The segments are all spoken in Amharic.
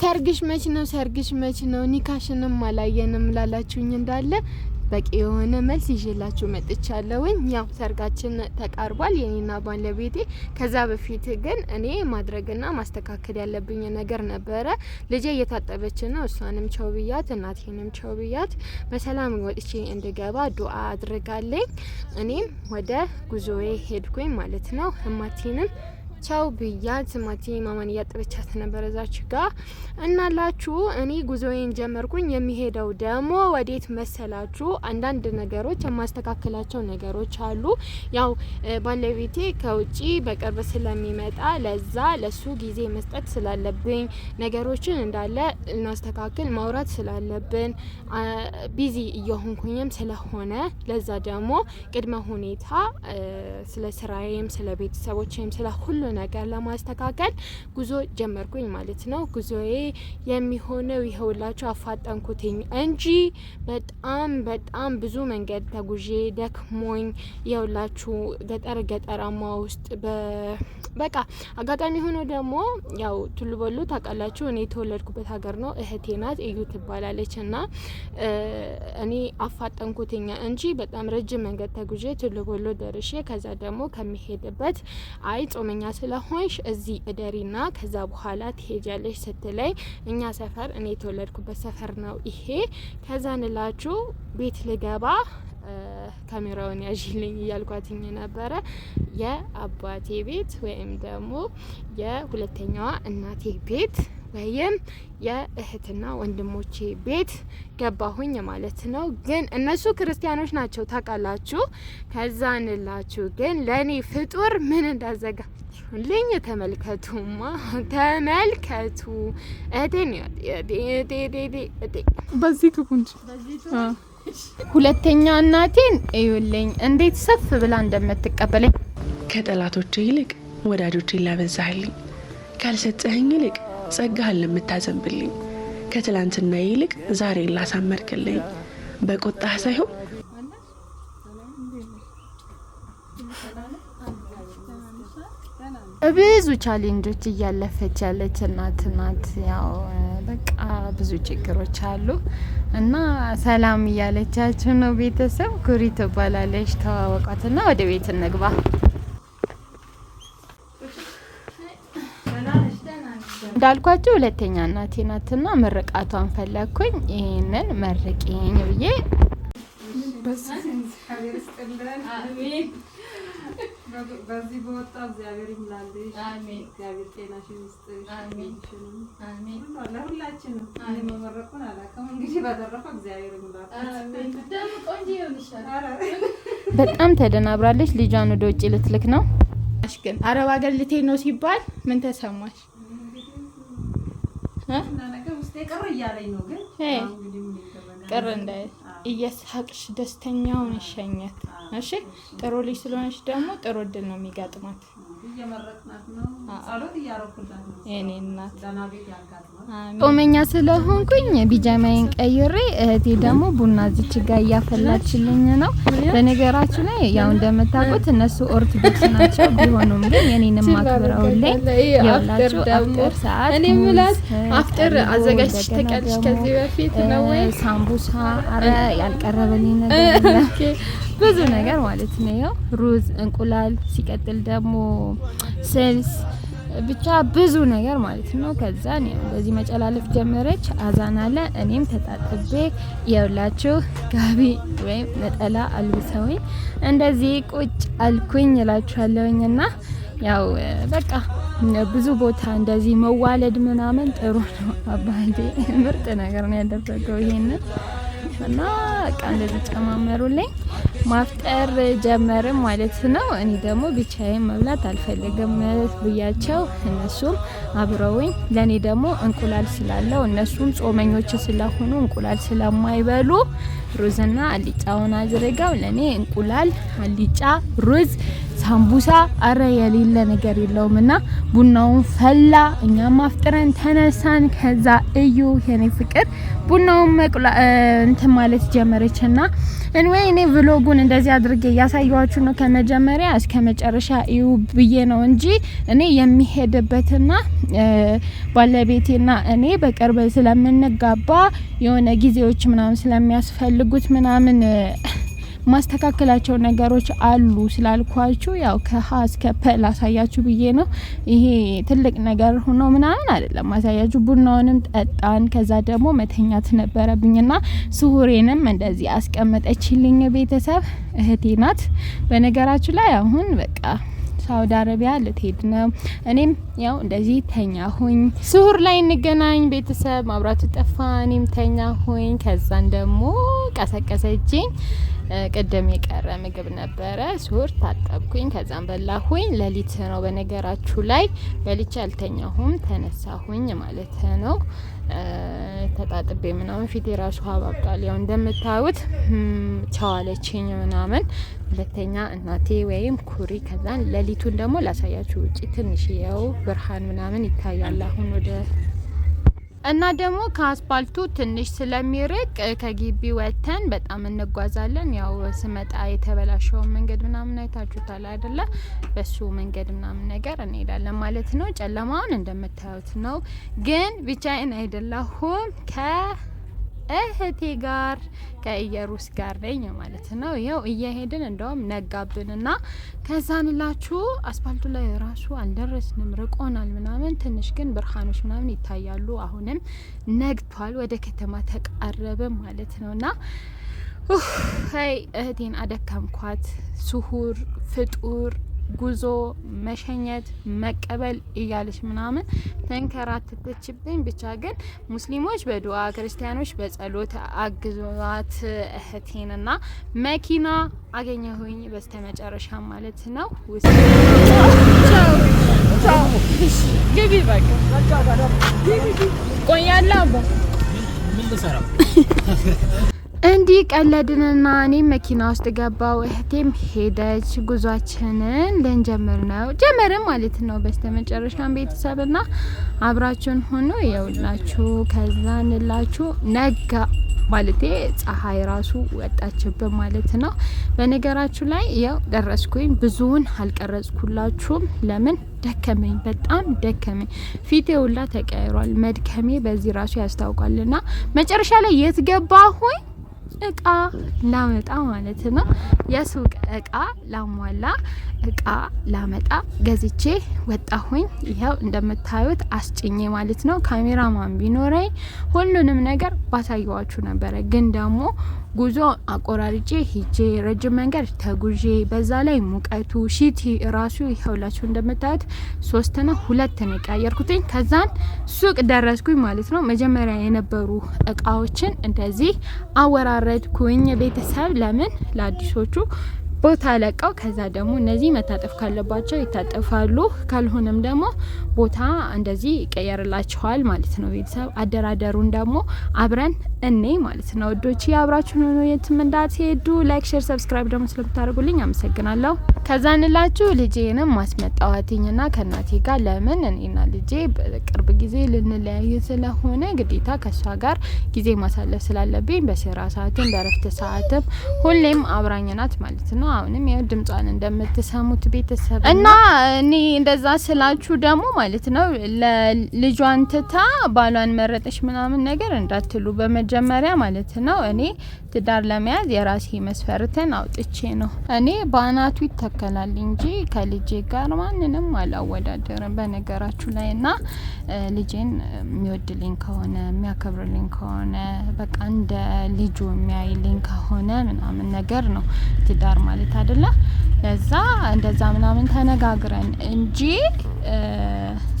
ሰርግሽ መች ነው? ሰርግሽ መች ነው? ኒካሽንም አላየንም ላላችሁኝ እንዳለ በቂ የሆነ መልስ ይዤላችሁ መጥቻለሁኝ። ያው ሰርጋችን ተቃርቧል የኔና ባለቤቴ። ከዛ በፊት ግን እኔ ማድረግና ማስተካከል ያለብኝ ነገር ነበረ። ልጄ እየታጠበች ነው። እሷንም ቸው ብያት፣ እናቴንም ቸው ብያት፣ በሰላም ወጥቼ እንድገባ ዱአ አድርጋለኝ። እኔም ወደ ጉዞዬ ሄድኩኝ ማለት ነው። እማቴንም ቻው ብያት ማቲ ማመን እያጠበቻት ነበር እዛች ጋ እናላችሁ። እኔ ጉዞዬን ጀመርኩኝ። የሚሄደው ደግሞ ወዴት መሰላችሁ? አንዳንድ ነገሮች የማስተካከላቸው ነገሮች አሉ። ያው ባለቤቴ ከውጪ በቅርብ ስለሚመጣ ለዛ ለሱ ጊዜ መስጠት ስላለብኝ ነገሮችን እንዳለ ልናስተካክል ማውራት ስላለብን ቢዚ እየሆንኩኝም ስለሆነ ለዛ ደግሞ ቅድመ ሁኔታ ስለ ስራዬም ስለ ቤተሰቦቼም ስለ ሁሉ ነገር ለማስተካከል ጉዞ ጀመርኩኝ ማለት ነው። ጉዞዬ የሚሆነው ይኸውላችሁ አፋጠንኩትኝ እንጂ በጣም በጣም ብዙ መንገድ ተጉዤ ደክሞኝ ይኸውላችሁ ገጠር ገጠራማ ውስጥ በቃ አጋጣሚ ሆኖ ደግሞ ያው ቱሉ በሉ ታውቃላችሁ፣ እኔ የተወለድኩበት ሀገር ነው። እህቴ ናት እዩ ትባላለች እና እኔ አፋጠንኩትኛ እንጂ በጣም ረጅም መንገድ ተጉዤ ቱሉ በሉ ደርሼ ከዛ ደግሞ ከሚሄድበት አይ ጾመኛ ስለሆንሽ እዚህ እደሪና ከዛ በኋላ ትሄጃለሽ ስትለይ እኛ ሰፈር እኔ የተወለድኩበት ሰፈር ነው ይሄ። ከዛ ንላችሁ ቤት ልገባ ካሜራውን ያዥልኝ እያልኳትኝ ነበረ። የአባቴ ቤት ወይም ደግሞ የሁለተኛዋ እናቴ ቤት ወይም የእህትና ወንድሞቼ ቤት ገባሁኝ ማለት ነው። ግን እነሱ ክርስቲያኖች ናቸው ታውቃላችሁ። ከዛ እንላችሁ ግን ለእኔ ፍጡር ምን እንዳዘጋጅልኝ ተመልከቱማ፣ ተመልከቱ በዚህ ክፉንች ሁለተኛ እናቴን እዩልኝ እንዴት ሰፍ ብላ እንደምትቀበለኝ። ከጠላቶች ይልቅ ወዳጆች ላበዛህልኝ፣ ካልሰጠህኝ ይልቅ ጸጋህን ለምታዘንብልኝ ከትላንትና ይልቅ ዛሬ ላሳመርክልኝ በቁጣህ ሳይሆን ብዙ ቻሌንጆች እያለፈች ያለች እናት ናት። ያው በቃ ብዙ ችግሮች አሉ እና ሰላም እያለቻችሁ ነው። ቤተሰብ ኩሪ ትባላለች። ተዋወቋትና ወደ ቤት እንግባ። እንዳልኳቸው ሁለተኛ እናቴ ናትና ምርቃቷን ፈለግኩኝ። ይህንን መርቂኝ ብዬ በዚህ በወጣ እግዚአብሔር ይሙላልሽ። እግዚአብሔር ጤናሽን ይስጥሽ። ለሁላችንም መመረቁን አላውቅም። እንግዲህ በተረፈ እግዚአብሔር ይሙላት። በጣም ተደናብራለች። ልጇን ወደ ውጭ ልትልክ ነው። ግን አረብ አገር ልትሄድ ነው ሲባል ምን ተሰማሽ? ቅር እንዳይል እየሳቅሽ ደስተኛውን ይሸኘት። እሺ ጥሩ ልጅ ስለሆነች ደግሞ ጥሩ እድል ነው የሚጋጥማት። የኔ እናት ጾመኛ ስለሆንኩኝ ቢጃማዬን ቀይሬ፣ እህቴ ደግሞ ቡና እዚች ጋ እያፈላችልኝ ነው። በነገራችሁ ላይ ያው እንደምታውቁት እነሱ ኦርቶዶክስ ናቸው። ቢሆኑም ግን የኔንም አክብረውልኝ ያላችሁ አፍጥር ሰዓት እኔ ምላስ አፍጥር አዘጋጅተሽ ተቀልሽ ከዚህ በፊት ነው ወይ ሳምቡሳ፣ አረ ያልቀረበልኝ ነገር ብዙ ነገር ማለት ነው። ሩዝ፣ እንቁላል ሲቀጥል ደግሞ ስልስ ብቻ ብዙ ነገር ማለት ነው። ከዛ በዚህ መጨላለፍ ጀመረች። አዛን አለ። እኔም ተጣጥቤ የውላችሁ ጋቢ ወይም ነጠላ አልብሰውኝ እንደዚህ ቁጭ አልኩኝ እላችኋለሁኝ። ና ያው በቃ ብዙ ቦታ እንደዚህ መዋለድ ምናምን ጥሩ ነው። አባቴ ምርጥ ነገር ነው ያደረገው ይሄንን እና በቃ እንደዚህ ጨማመሩልኝ። ማፍጠር ጀመርም ማለት ነው። እኔ ደግሞ ብቻዬን መብላት አልፈልግም ብያቸው እነሱም አብረውኝ ለእኔ ደግሞ እንቁላል ስላለው እነሱም ጾመኞች ስለሆኑ እንቁላል ስለማይበሉ ሩዝና አልጫውን አድርገው ለእኔ እንቁላል አልጫ ሩዝ ሳምቡሳ አረ የሌለ ነገር የለውም። እና ቡናውን ፈላ፣ እኛም አፍጥረን ተነሳን። ከዛ እዩ የኔ ፍቅር ቡናውን መቁላ እንትን ማለት ጀመረች። እና እንወይ እኔ ቭሎጉን እንደዚህ አድርጌ እያሳየኋችሁ ነው ከመጀመሪያ እስከ መጨረሻ እዩ ብዬ ነው እንጂ እኔ የሚሄድበትና ባለቤቴና እኔ በቅርብ ስለምንጋባ የሆነ ጊዜዎች ምናምን ስለሚያስፈልጉት ምናምን ማስተካከላቸው ነገሮች አሉ ስላልኳችሁ ያው ከሀ እስከ ፐ ላሳያችሁ ብዬ ነው። ይሄ ትልቅ ነገር ሆኖ ምናምን አይደለም ማሳያችሁ። ቡናውንም ጠጣን። ከዛ ደግሞ መተኛት ነበረብኝና ስሁሬንም እንደዚህ አስቀመጠችልኝ። ቤተሰብ እህቴ ናት። በነገራችሁ ላይ አሁን በቃ ሳውዲ አረቢያ ልትሄድ ነው። እኔም ያው እንደዚህ ተኛ ሁኝ። ስሁር ላይ እንገናኝ ቤተሰብ። ማብራቱ ጠፋ፣ እኔም ተኛ ሁኝ። ከዛን ደግሞ ቀሰቀሰችኝ። ቅድም የቀረ ምግብ ነበረ። ሱር ታጠብኩኝ፣ ከዛም በላሁኝ። ለሊት ነው በነገራችሁ ላይ በልቼ አልተኛሁም፣ ተነሳሁኝ ማለት ነው። ተጣጥቤ ምናምን ፊት የራሱ አባብጧል። ያው እንደምታዩት ቸዋለችኝ ምናምን። ሁለተኛ እናቴ ወይም ኩሪ። ከዛን ለሊቱን ደግሞ ላሳያችሁ። ውጭ ትንሽ የው ብርሃን ምናምን ይታያል አሁን ወደ እና ደግሞ ከአስፓልቱ ትንሽ ስለሚርቅ ከግቢ ወጥተን በጣም እንጓዛለን። ያው ስመጣ የተበላሸውን መንገድ ምናምን አይታችሁታል አይደለ? በሱ መንገድ ምናምን ነገር እንሄዳለን ማለት ነው። ጨለማውን እንደምታዩት ነው። ግን ብቻዬን አይደለሁም ከ እህቴ ጋር ከኢየሩስ ጋር ነኝ ማለት ነው። ይኸው እየሄድን እንደውም ነጋብንና ከዛንላችሁ አስፓልቱ ላይ ራሱ አልደረስንም፣ ርቆናል ምናምን። ትንሽ ግን ብርሃኖች ምናምን ይታያሉ። አሁንም ነግቷል፣ ወደ ከተማ ተቃረብን ማለት ና ይ እህቴን አደካምኳት። ስሁር ፍጡር ጉዞ፣ መሸኘት፣ መቀበል እያለች ምናምን ተንከራተተችብኝ። ብቻ ግን ሙስሊሞች በዱዓ ክርስቲያኖች በጸሎት አግዟት እህቴንና መኪና አገኘሁኝ በስተ መጨረሻ ማለት ነው ቆያላ እንዲህ ቀለድንና እኔም መኪና ውስጥ ገባው፣ እህቴም ሄደች። ጉዟችንን ልንጀምር ነው ጀመርም ማለት ነው። በስተ መጨረሻም ቤተሰብና አብራችሁን ሆኖ የውላችሁ ከዛ ንላችሁ ነጋ ማለት ፀሐይ ራሱ ወጣችብን ማለት ነው። በነገራችሁ ላይ ያው ደረስኩኝ። ብዙውን አልቀረጽኩላችሁም። ለምን ደከመኝ፣ በጣም ደከመኝ። ፊቴ ሁላ ተቀይሯል። መድከሜ በዚህ ራሱ ያስታውቃልና መጨረሻ ላይ የት ገባሁኝ እቃ ላመጣ ማለት ነው። የሱቅ እቃ ላሟላ እቃ ላመጣ ገዝቼ ወጣሁኝ። ይኸው እንደምታዩት አስጭኜ ማለት ነው። ካሜራማን ቢኖረኝ ሁሉንም ነገር ባሳየዋችሁ ነበረ ግን ደግሞ ጉዞ አቆራርጬ ሂጄ ረጅም መንገድ ተጉዤ በዛ ላይ ሙቀቱ ሺቲ ራሱ ይኸውላችሁ እንደምታዩት ሶስትና ሁለት ነው የቀያየርኩትኝ። ከዛን ሱቅ ደረስኩኝ ማለት ነው። መጀመሪያ የነበሩ እቃዎችን እንደዚህ አወራረድኩኝ ቤተሰብ ለምን ለአዲሶቹ ቦታ ለቀው ከዛ ደግሞ እነዚህ መታጠፍ ካለባቸው ይታጠፋሉ፣ ካልሆነም ደግሞ ቦታ እንደዚህ ይቀየርላቸዋል ማለት ነው። ቤተሰብ አደራደሩን ደግሞ አብረን እኔ ማለት ነው ወዶች አብራችሁ ነው የትም እንዳትሄዱ። ላይክ፣ ሼር፣ ሰብስክራይብ ደግሞ ስለምታደርጉልኝ አመሰግናለሁ። ከዛ እንላችሁ ልጄንም ና ከእናቴ ጋር ለምን እኔና ልጄ በቅርብ ጊዜ ልንለያይ ስለሆነ ግዴታ ከእሷ ጋር ጊዜ ማሳለፍ ስላለብኝ በስራ ሰዓትም በረፍት ሰዓትም ሁሌም አብራኝ ናት ማለት ነው። አሁንም ያው ድምጿን እንደምትሰሙት ቤተሰብ እና እኔ እንደዛ ስላችሁ ደግሞ ማለት ነው ለልጇን ትታ ባሏን መረጠች ምናምን ነገር እንዳትሉ በመጀመሪያ ማለት ነው እኔ ትዳር ለመያዝ የራሴ መስፈርትን አውጥቼ ነው። እኔ በአናቱ ይተከላል እንጂ ከልጄ ጋር ማንንም አላወዳደርም። በነገራችሁ ላይ እና ልጄን የሚወድልኝ ከሆነ የሚያከብርልኝ ከሆነ በቃ እንደ ልጁ የሚያይልኝ ከሆነ ምናምን ነገር ነው ትዳር ማለት ማለት አይደለ? ለዛ እንደዛ ምናምን ተነጋግረን እንጂ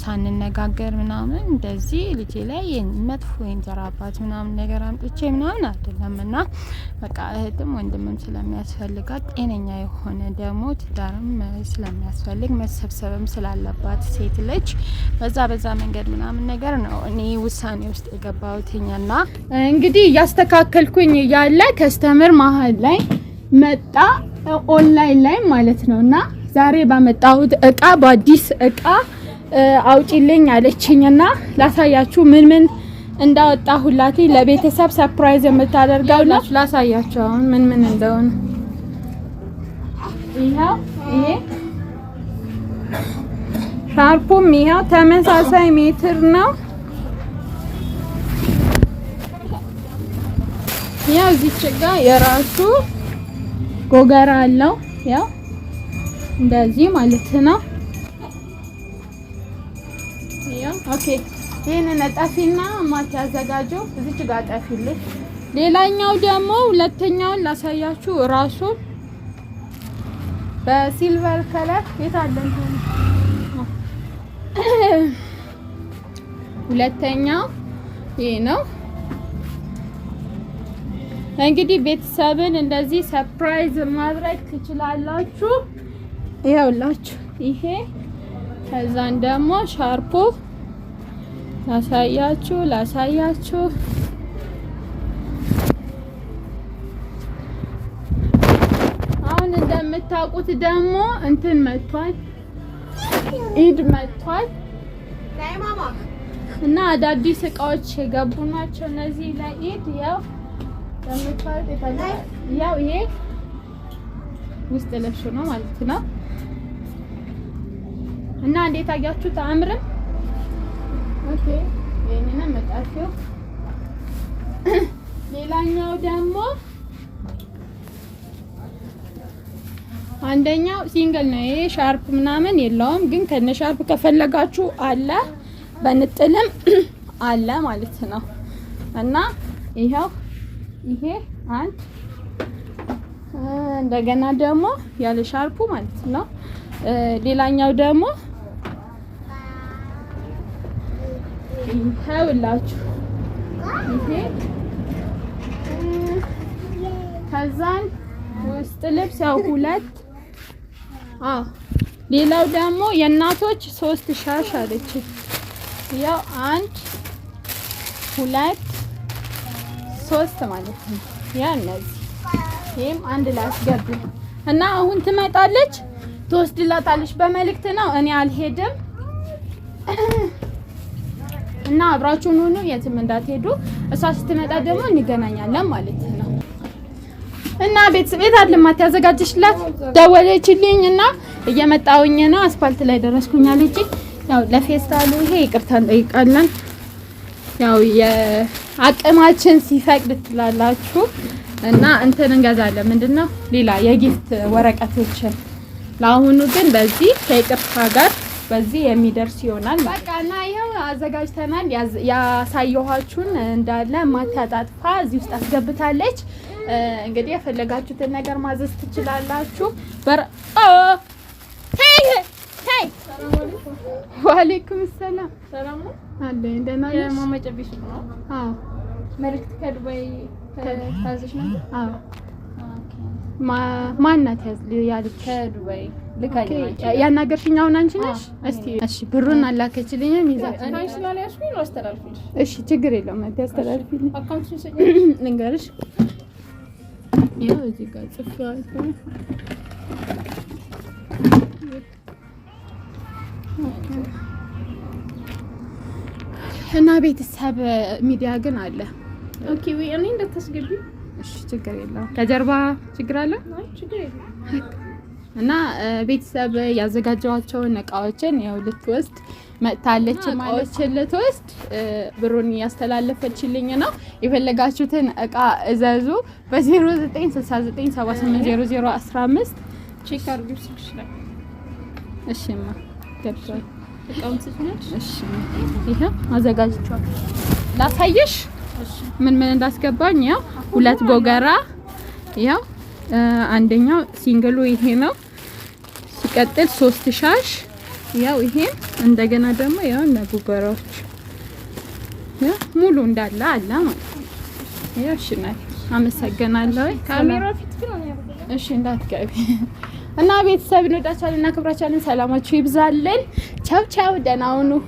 ሳንነጋገር ምናምን እንደዚህ ልጄ ላይ መጥፎ የእንጀራ አባት ምናምን ነገር አምጥቼ ምናምን አይደለም። እና በቃ እህትም ወንድምም ስለሚያስፈልጋት ጤነኛ የሆነ ደግሞ ትዳርም ስለሚያስፈልግ መሰብሰብም ስላለባት ሴት ልጅ በዛ በዛ መንገድ ምናምን ነገር ነው እኔ ውሳኔ ውስጥ የገባሁትኝ። እና እንግዲህ እያስተካከልኩኝ እያለ ከስተምር መሀል ላይ መጣ ኦንላይን ላይ ማለት ነው። እና ዛሬ ባመጣሁት እቃ በአዲስ እቃ አውጪልኝ አለችኝ እና ላሳያችሁ ምን ምን እንዳወጣሁላት ለቤተሰብ ሰርፕራይዝ የምታደርገው ላሳያችሁ። አሁን ምን ምን እንደሆነ ይኸው ይሄ ሻርፑም ይኸው ተመሳሳይ ሜትር ነው። ያው እዚች ጋ የራሱ ጎገራ አለው ያው እንደዚህ ማለት ነው። ያው ኦኬ። ይሄንን ጠፊና ማች ያዘጋጁ እዚች ጋር ጠፊልኝ። ሌላኛው ደግሞ ሁለተኛውን ላሳያችሁ። ራሱን በሲልቨር ከለር የታለን ሁለተኛው ይሄ ነው። እንግዲህ ቤተሰብን እንደዚህ ሰርፕራይዝ ማድረግ ትችላላችሁ። ይኸውላችሁ ይሄ ከዛን ደግሞ ሻርፑ ላሳያችሁ ላሳያችሁ አሁን እንደምታውቁት ደግሞ እንትን መጥቷል፣ ኢድ መጥቷል እና አዳዲስ እቃዎች የገቡ ናቸው እነዚህ ለኢድ ያው ያው ይሄ ውስጥ ለብሶ ነው ማለት ነው። እና እንዴት አያችሁ? ተአምርም ኦኬ። መጣችሁ። ሌላኛው ደግሞ አንደኛው ሲንግል ነው። ይሄ ሻርፕ ምናምን የለውም፣ ግን ከነ ሻርፕ ከፈለጋችሁ አለ፣ በንጥልም አለ ማለት ነው እና ይኸው ይሄ አንድ እንደገና ደግሞ ያለ ሻርፑ ማለት ነው። ሌላኛው ደግሞ ይኸውላችሁ ይሄ ከዛን ውስጥ ልብስ ያው ሁለት አዎ። ሌላው ደግሞ የእናቶች ሶስት ሻሽ አለች። ያው አንድ ሁለት ሶስት ማለት ነው። ያ እነዚህ ይሄም አንድ ላስገብ እና አሁን ትመጣለች፣ ትወስድላታለች። በመልእክት ነው እኔ አልሄድም እና አብራችሁን ሆኖ የትም እንዳትሄዱ። እሷ ስትመጣ ደግሞ እንገናኛለን ማለት ነው። እና ቤት ቤት አለማት ያዘጋጀችላት ደወለችልኝ እና እየመጣውኝ ነው አስፋልት ላይ ደረስኩኝ አለችኝ። ያው ለፌስታሉ ይሄ ይቅርታ እንጠይቃለን ያው አቅማችን ሲፈቅድ ትላላችሁ እና እንትን እንገዛለን። ምንድነው ሌላ የጊፍት ወረቀቶችን ለአሁኑ ግን በዚህ ከይቅርታ ጋር በዚህ የሚደርስ ይሆናል። በቃ እና ይኸው አዘጋጅተናል። ያሳየኋችሁን እንዳለ ማታጣጥፋ እዚህ ውስጥ አስገብታለች። እንግዲህ የፈለጋችሁትን ነገር ማዘዝ ትችላላችሁ። ዋሌኩም ሰላም ሰላም አለኝ። ደህና ነሽ? የማማ ጨብሽ ነው? አዎ። መልዕክት ከዱባይ ታዘሽ ነው? አዎ። ማን ናት ያለች? ከዱባይ ያናገርሽኝ አሁን አንቺ ነሽ? እስቲ እሺ፣ ብሩን አላከችልኝም። ይዛ እሺ፣ ችግር የለውም እህቴ፣ አስተላልፊልኝ። ልንገርሽ፣ ይኸው እዚህ ጋር ጽፌዋለሁ እና ቤተሰብ ሚዲያ ግን አለ። ኦኬ ወይ እኔ እንዳታስገቢ እሺ። ችግር የለውም ከጀርባ ችግር አለ እና ቤተሰብ ያዘጋጀዋቸውን እቃዎችን ያው ልትወስድ መጥታለች ማለት ልትወስድ ብሩን እያስተላለፈችልኝ ነው። የፈለጋችሁትን እቃ እዘዙ በ0969780015 ቼክ አድርጉ። እሺማ ገብቷል ይኸው አዘጋጅቼዋለሁ። ላሳየሽ ምን ምን እንዳስገባኝ። ያው ሁለት ጎገራ፣ ያው አንደኛው ሲንግሉ ይሄ ነው። ሲቀጥል ሶስት ሻሽ፣ ያው ይሄን እንደገና ደግሞ ያው እነ ጎገራዎች ሙሉ እንዳለ አለ ማለት ነው። አመሰግናለሁ። ካሜራ ፊት እሺ፣ እንዳትገቢ እና ቤተሰብ እንወዳችኋለን፣ እናከብራችኋለን። ሰላማችሁ ይብዛልን። ቻው ቻው፣ ደህና ሁኑ።